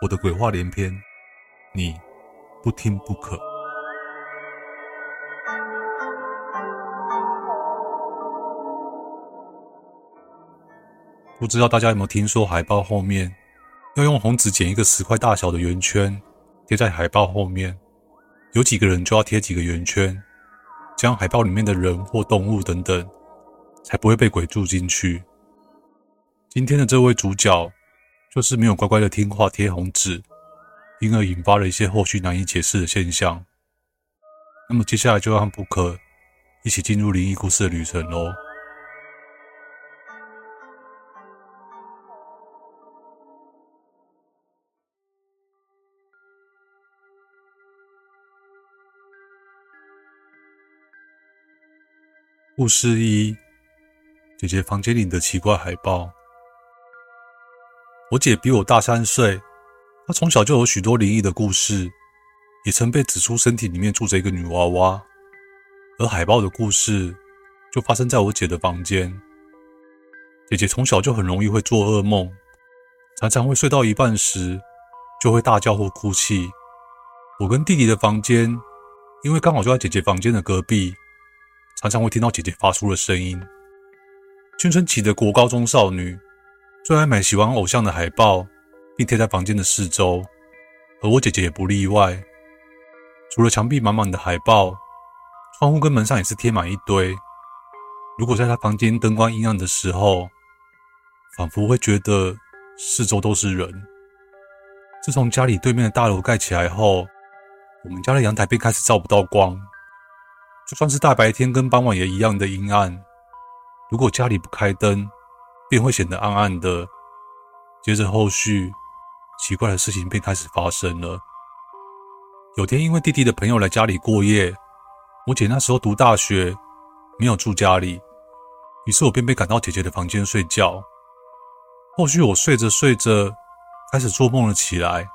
我的鬼話連篇，你不聽不可。不知道大家有沒有聽說，海報後面要用紅紙剪一個十塊大小的圓圈，貼在海報後面，有幾個人就要貼幾個圓圈，這樣海報裡面的人或動物等等，才不會被鬼住進去。今天的這位主角，就是沒有乖乖的聽話貼紅紙，因而引發了一些後續難以解釋的現象。那麼接下來就讓布克一起進入靈異故事的旅程嘍。故事一：姐姐房間裡的奇怪海報。我姐比我大三歲，她從小就有許多靈異的故事，也曾被指出身體裡面住着一個女娃娃。而海報的故事就發生在我姐的房間。姐姐從小就很容易會做噩夢，常常會睡到一半時就會大叫或哭泣。我跟弟弟的房間因為剛好就在姐姐房間的隔壁，常常會聽到姐姐發出的聲音。青春期的國高中少女，最愛買喜歡偶像的海報，並貼在房間的四周，而我姐姐也不例外。除了牆壁滿滿的海報，窗戶跟門上也是貼滿一堆。如果在她房間燈光陰暗的時候，仿佛會覺得四周都是人。自從家裡對面的大樓蓋起來後，我們家的陽台便開始照不到光，就算是大白天跟傍晚也一樣的陰暗。如果家裡不開燈，便會顯得暗暗的。接着，後續奇怪的事情便開始發生了。有天，因為弟弟的朋友來家裡過夜，我姐那時候讀大學，沒有住家裡，於是我便被趕到姐姐的房間睡覺。後續，我睡着睡着，開始做夢了起來。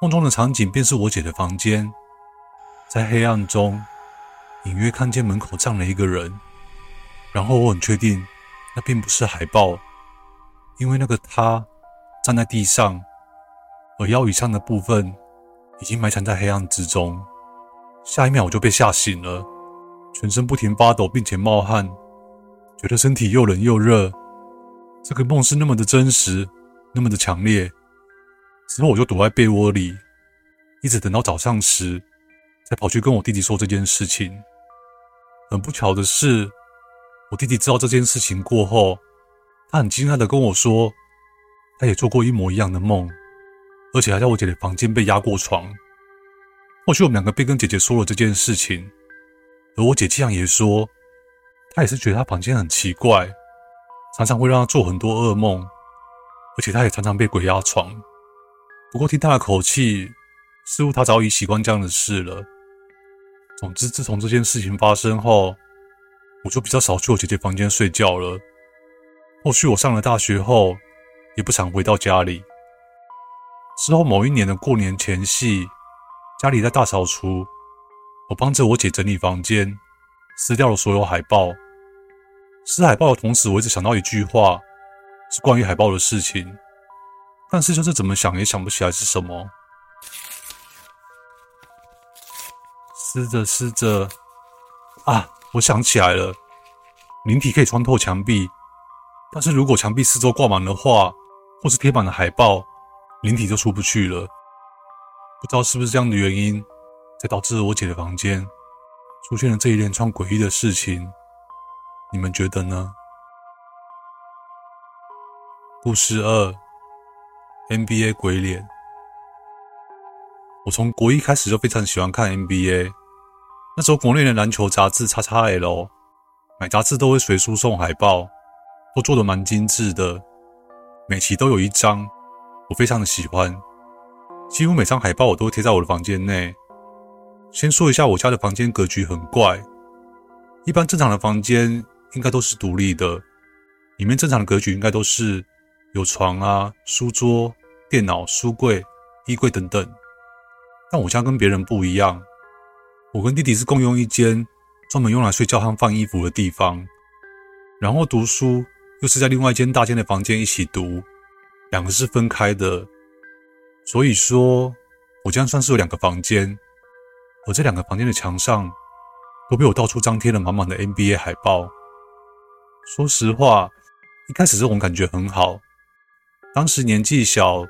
夢中的場景便是我姐的房間，在黑暗中隱約看見門口站了一個人，然後我很確定。那並不是海報，因為那個他站在地上，而腰以上的部分已經埋藏在黑暗之中。下一秒我就被嚇醒了，全身不停發抖，並且冒汗，覺得身體又冷又熱。這個夢是那麼的真實，那麼的強烈。之後我就躲在被窩裡，一直等到早上時，才跑去跟我弟弟說這件事情。很不巧的是。我弟弟知道這件事情過後，他很驚訝的跟我說，他也做過一模一樣的夢，而且還在我姐的房間被壓過床。或許我們兩個便跟姐姐說了這件事情，而我姐竟然也說，她也是覺得她房間很奇怪，常常會讓她做很多噩夢，而且她也常常被鬼壓床。不過聽她的口氣，似乎她早已習慣這樣的事了。總之，自從這件事情發生後，我就比較少去我姐姐房間睡覺了。後續我上了大學後，也不常回到家裡。之後某一年的過年前夕，家裡在大掃除，我幫着我姐整理房間，撕掉了所有海報。撕海報的同時，我一直想到一句話，是關於海報的事情。但是就是怎麼想也想不起來是什麼。撕着撕着，啊！我想起來了，靈體可以穿透牆壁，但是如果牆壁四周掛滿了畫或是貼滿了海報，靈體就出不去了。不知道是不是這樣的原因，才導致我姐的房間出現了這一連串詭異的事情。你們覺得呢？故事二：NBA 鬼臉。我從國一開始就非常喜歡看 NBA。那時候國內的籃球雜誌 XXL，買雜誌都會隨書送海報，都做得蠻精緻的，每期都有一張，我非常的喜歡，幾乎每張海報我都貼在我的房間內。先說一下我家的房間格局很怪，一般正常的房間應該都是獨立的，裡面正常的格局應該都是有床啊、書桌、電腦、書櫃、衣櫃等等，但我家跟別人不一樣。我跟弟弟是共用一間專門用來睡覺和放衣服的地方，然後讀書又是在另外一間大間的房間一起讀，兩個是分開的，所以說我這樣算是有兩個房間。我這兩個房間的牆上都被我到處張貼了滿滿的 NBA 海報。說實話，一開始這種感覺很好，當時年紀小，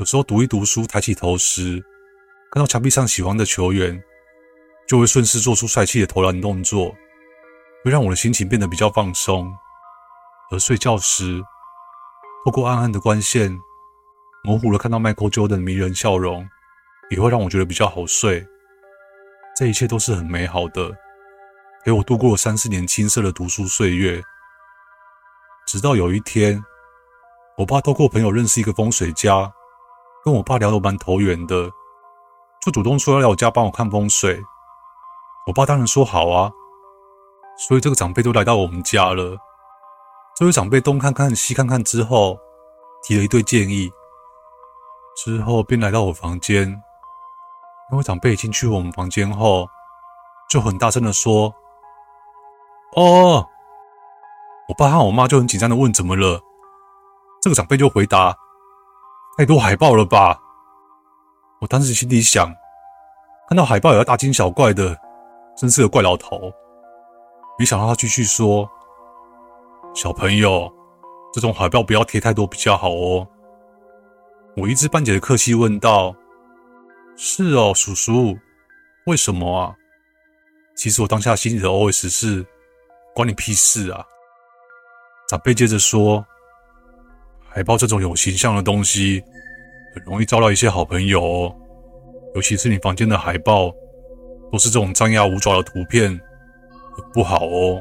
有時候讀一讀書，抬起頭時看到牆壁上喜歡的球員。就會順勢做出帥氣的投籃動作，會讓我的心情變得比較放鬆。而睡覺時，透過暗暗的光線，模糊的看到麥可·喬丹的迷人笑容，也會讓我覺得比較好睡。這一切都是很美好的，陪我度過了三四年青澀的讀書歲月。直到有一天，我爸透過朋友認識一個風水家，跟我爸聊得蠻投緣的，就主動說要來我家幫我看風水。我爸當然說好啊，所以這個長輩都來到我們家了。這位長輩東看看西看看之後，提了一堆建議，之後便來到我房間。那位長輩已經去我們房間後，就很大聲的說：“哦！”我爸和我媽就很緊張的問：“怎麼了？”這個長輩就回答：“太多海報了吧？”我當時心裡想，看到海報也要大驚小怪的。真是個怪老頭！沒想到他繼續說：“小朋友，這種海報不要貼太多比較好哦。”我一知半解的客氣問道：“是哦，叔叔，為什麼啊？”其實我當下心裡的 OS 是：“關你屁事啊！”長輩接着說：“海報這種有形象的東西，很容易招到一些好朋友哦，尤其是你房間的海報。”都是這種張牙舞爪的圖片，很不好哦。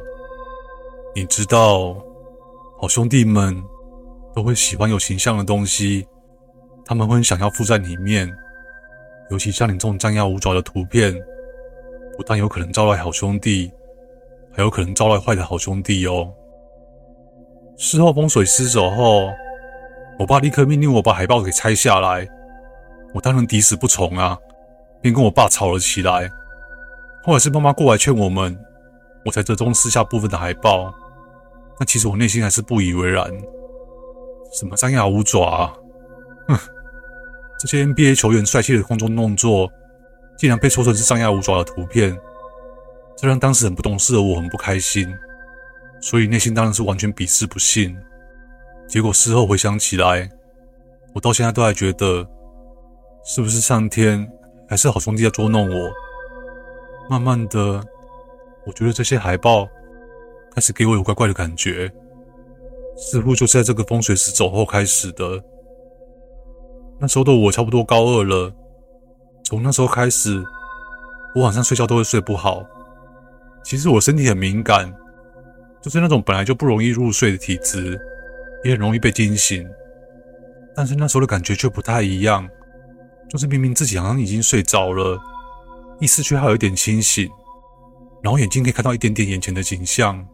你知道，好兄弟們都會喜歡有形象的東西，他們會想要附在裡面。尤其像你這種張牙舞爪的圖片，不但有可能招來好兄弟，還有可能招來壞的好兄弟哦。事後風水師走後，我爸立刻命令我把海報給拆下來，我當然抵死不從啊，便跟我爸吵了起來。或者是爸媽過來勸我們，我才折中撕下部分的海報。但其實我內心還是不以為然，什麼張牙舞爪啊？哼！這些 NBA 球員帥氣的空中動作，竟然被說成是張牙舞爪的圖片，這讓當時很不懂事的我很不開心。所以內心當然是完全鄙視不信。結果事後回想起來，我到現在都還覺得，是不是上天還是好兄弟在捉弄我？慢慢的，我覺得這些海報開始給我有怪怪的感覺，似乎就是在這個風水師走後開始的。那時候的我差不多高二了，從那時候開始，我晚上睡覺都會睡不好。其實我身體很敏感，就是那種本來就不容易入睡的體質，也很容易被驚醒。但是那時候的感覺卻不太一樣，就是明明自己好像已經睡着了。意識卻還有一點清醒，然後眼睛可以看到一點點眼前的景象，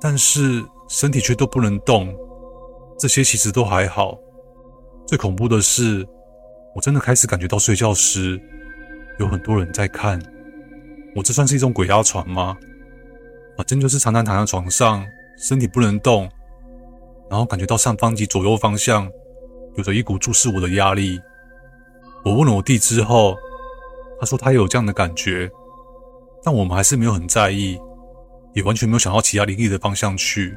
但是身體卻都不能動。這些其實都還好，最恐怖的是，我真的開始感覺到睡覺時有很多人在看我。這算是一種鬼壓床嗎？反、啊、真就是常常躺在床上，身體不能動，然後感覺到上方及左右方向有着一股注視我的壓力。我問了我弟之後。他說他也有這樣的感覺，但我們還是沒有很在意，也完全沒有想到其他靈異的方向去。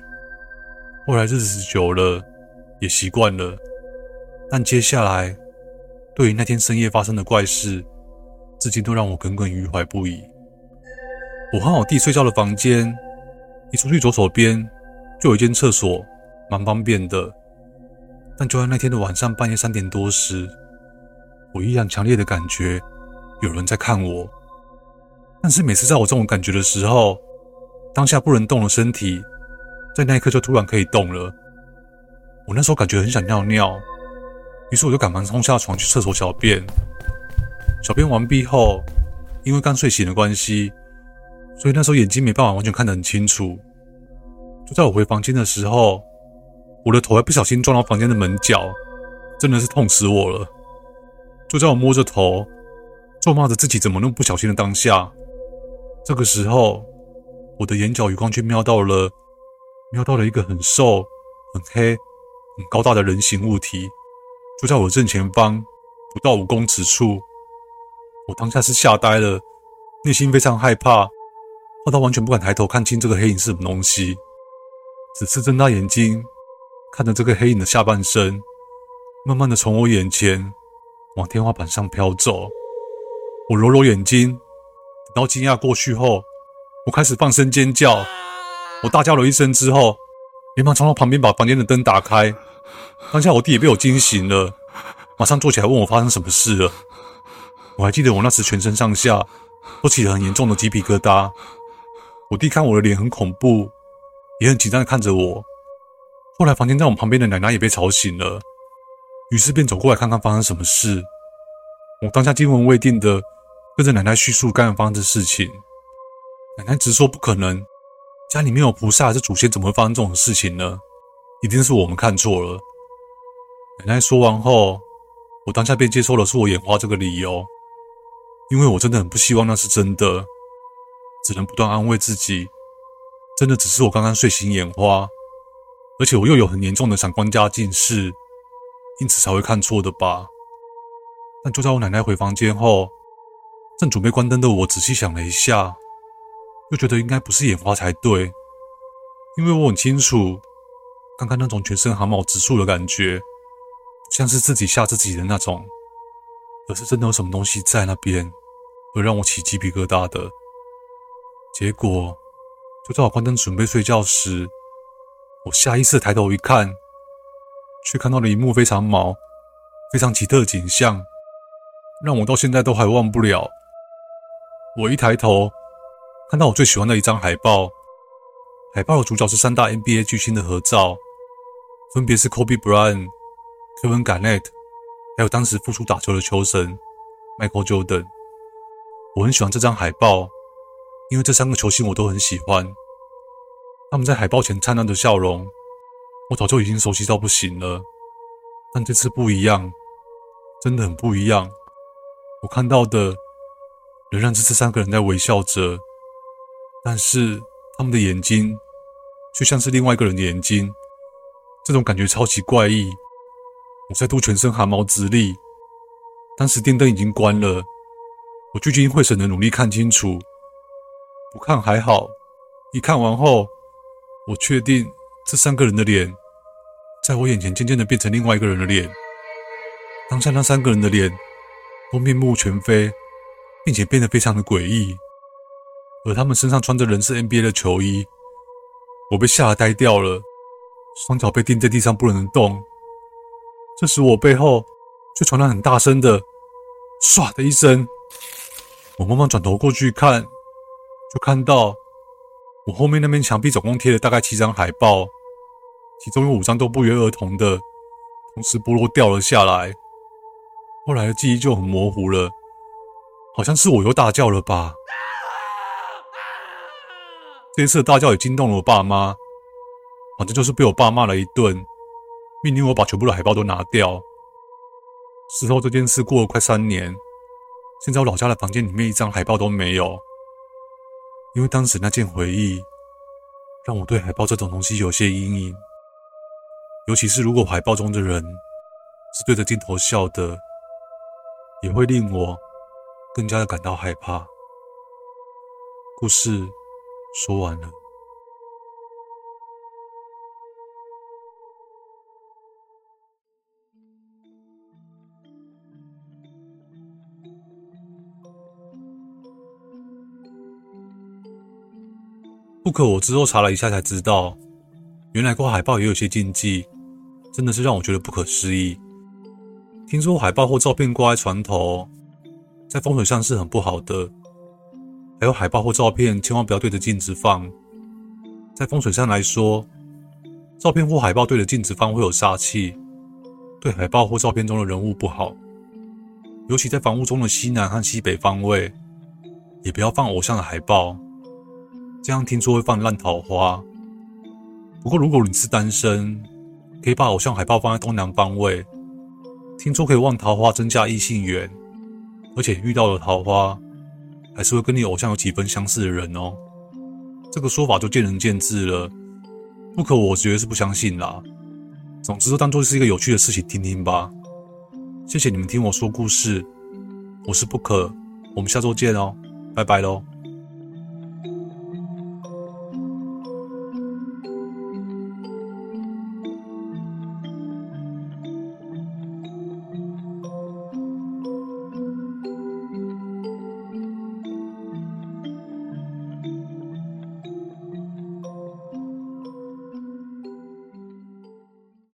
後來日子久了，也習慣了。但接下來，對於那天深夜發生的怪事，至今都讓我耿耿於懷不已。我和我弟睡覺的房間，一出去左手邊就有一間廁所，蠻方便的。但就在那天的晚上半夜三點多時，我依然強烈的感覺有人在看我，但是每次在我這種感覺的時候，當下不能動的身體，在那一刻就突然可以動了。我那時候感覺很想尿尿，於是我就趕忙衝下床去廁所小便。小便完畢後，因為剛睡醒的關係，所以那時候眼睛沒辦法完全看得很清楚。就在我回房間的時候，我的頭還不小心撞到房間的門角，真的是痛死我了。就在我摸着頭，咒罵着自己怎麼那麼不小心的當下，這個時候，我的眼角餘光卻瞄到了，瞄到了一個很瘦、很黑、很高大的人形物體，就在我正前方不到五公尺處。我當下是嚇呆了，內心非常害怕，怕到完全不敢抬頭看清這個黑影是什麼東西，只是睜大眼睛看着這個黑影的下半身，慢慢的從我眼前往天花板上飄走。我揉揉眼睛，等到驚訝過去後，我開始放聲尖叫。我大叫了一聲之後，連忙衝到旁邊把房間的燈打開。當下我弟也被我驚醒了，馬上坐起來問我發生什麼事了。我還記得我那時全身上下都起了很嚴重的雞皮疙瘩。我弟看我的臉很恐怖，也很緊張地看着我。後來房間在我旁邊的奶奶也被吵醒了，於是便走過來看看發生什麼事。我當下驚魂未定的。跟着奶奶敘述剛剛發生的事情，奶奶直說不可能，家裡面有菩薩，還是祖先怎麼會發生這種事情呢？一定是我們看錯了。奶奶說完後，我當下便接受了是我眼花這個理由，因為我真的很不希望那是真的，只能不斷安慰自己，真的只是我剛剛睡醒眼花，而且我又有很嚴重的閃光加近視，因此才會看錯的吧。但就在我奶奶回房間後。正準備關燈的我，仔細想了一下，又覺得應該不是眼花才對，因為我很清楚，剛剛那種全身汗毛直豎的感覺，像是自己嚇自己的那種，可是真的有什麼東西在那邊，會讓我起雞皮疙瘩的。結果就在我關燈準備睡覺時，我下意識抬頭一看，卻看到了一幕非常毛、非常奇特的景象，讓我到現在都還忘不了。我一抬頭，看到我最喜歡的一張海報。海報的主角是三大 NBA 巨星的合照，分別是 Kobe Bryant、Kevin Garnett 還有當時復出打球的球神 Michael Jordan。我很喜歡這張海報，因為這三個球星我都很喜歡。他們在海報前燦爛的笑容，我早就已經熟悉到不行了。但這次不一樣，真的很不一樣。我看到的。仍然是這三個人在微笑着，但是他們的眼睛卻像是另外一個人的眼睛，這種感覺超級怪異。我再度全身寒毛直立。當時電燈已經關了，我聚精會神的努力看清楚。不看還好，一看完後，我確定這三個人的臉在我眼前漸漸地變成另外一個人的臉。當下那三個人的臉都面目全非。並且變得非常的詭異，而他們身上穿着人是 NBA 的球衣，我被嚇得呆掉了，雙腳被釘在地上不能動。這時我背後卻傳來很大聲的“唰”的一聲，我慢慢轉頭過去看，就看到我後面那面牆壁總共貼了大概七張海報，其中有五張都不約而同的同時剝落掉了下來。後來的記憶就很模糊了。好像是我又大叫了吧？這一次的大叫也驚動了我爸媽，反正就是被我爸罵了一頓，命令我把全部的海報都拿掉。事後這件事過了快三年，現在我老家的房間裡面一張海報都沒有，因為當時那件回憶讓我對海報這種東西有些陰影，尤其是如果海報中的人是對着鏡頭笑的，也會令我。更加的感到害怕。故事說完了。不過，我之後查了一下才知道，原來掛海報也有些禁忌，真的是讓我覺得不可思議。聽說海報或照片掛在床頭。在風水上是很不好的，還有海報或照片，千萬不要對着鏡子放。在風水上來說，照片或海報對着鏡子放會有煞氣，對海報或照片中的人物不好，尤其在房屋中的西南和西北方位，也不要放偶像的海報，這樣聽說會放爛桃花。不過，如果你是單身，可以把偶像海報放在東南方位，聽說可以旺桃花，增加異性緣。而且遇到了桃花，還是會跟你偶像有幾分相似的人哦。這個說法就見仁見智了。Book，我絕對是不相信啦。總之，就當作是一個有趣的事情聽聽吧。謝謝你們聽我說故事。我是 Book，我們下周見哦，拜拜嘍。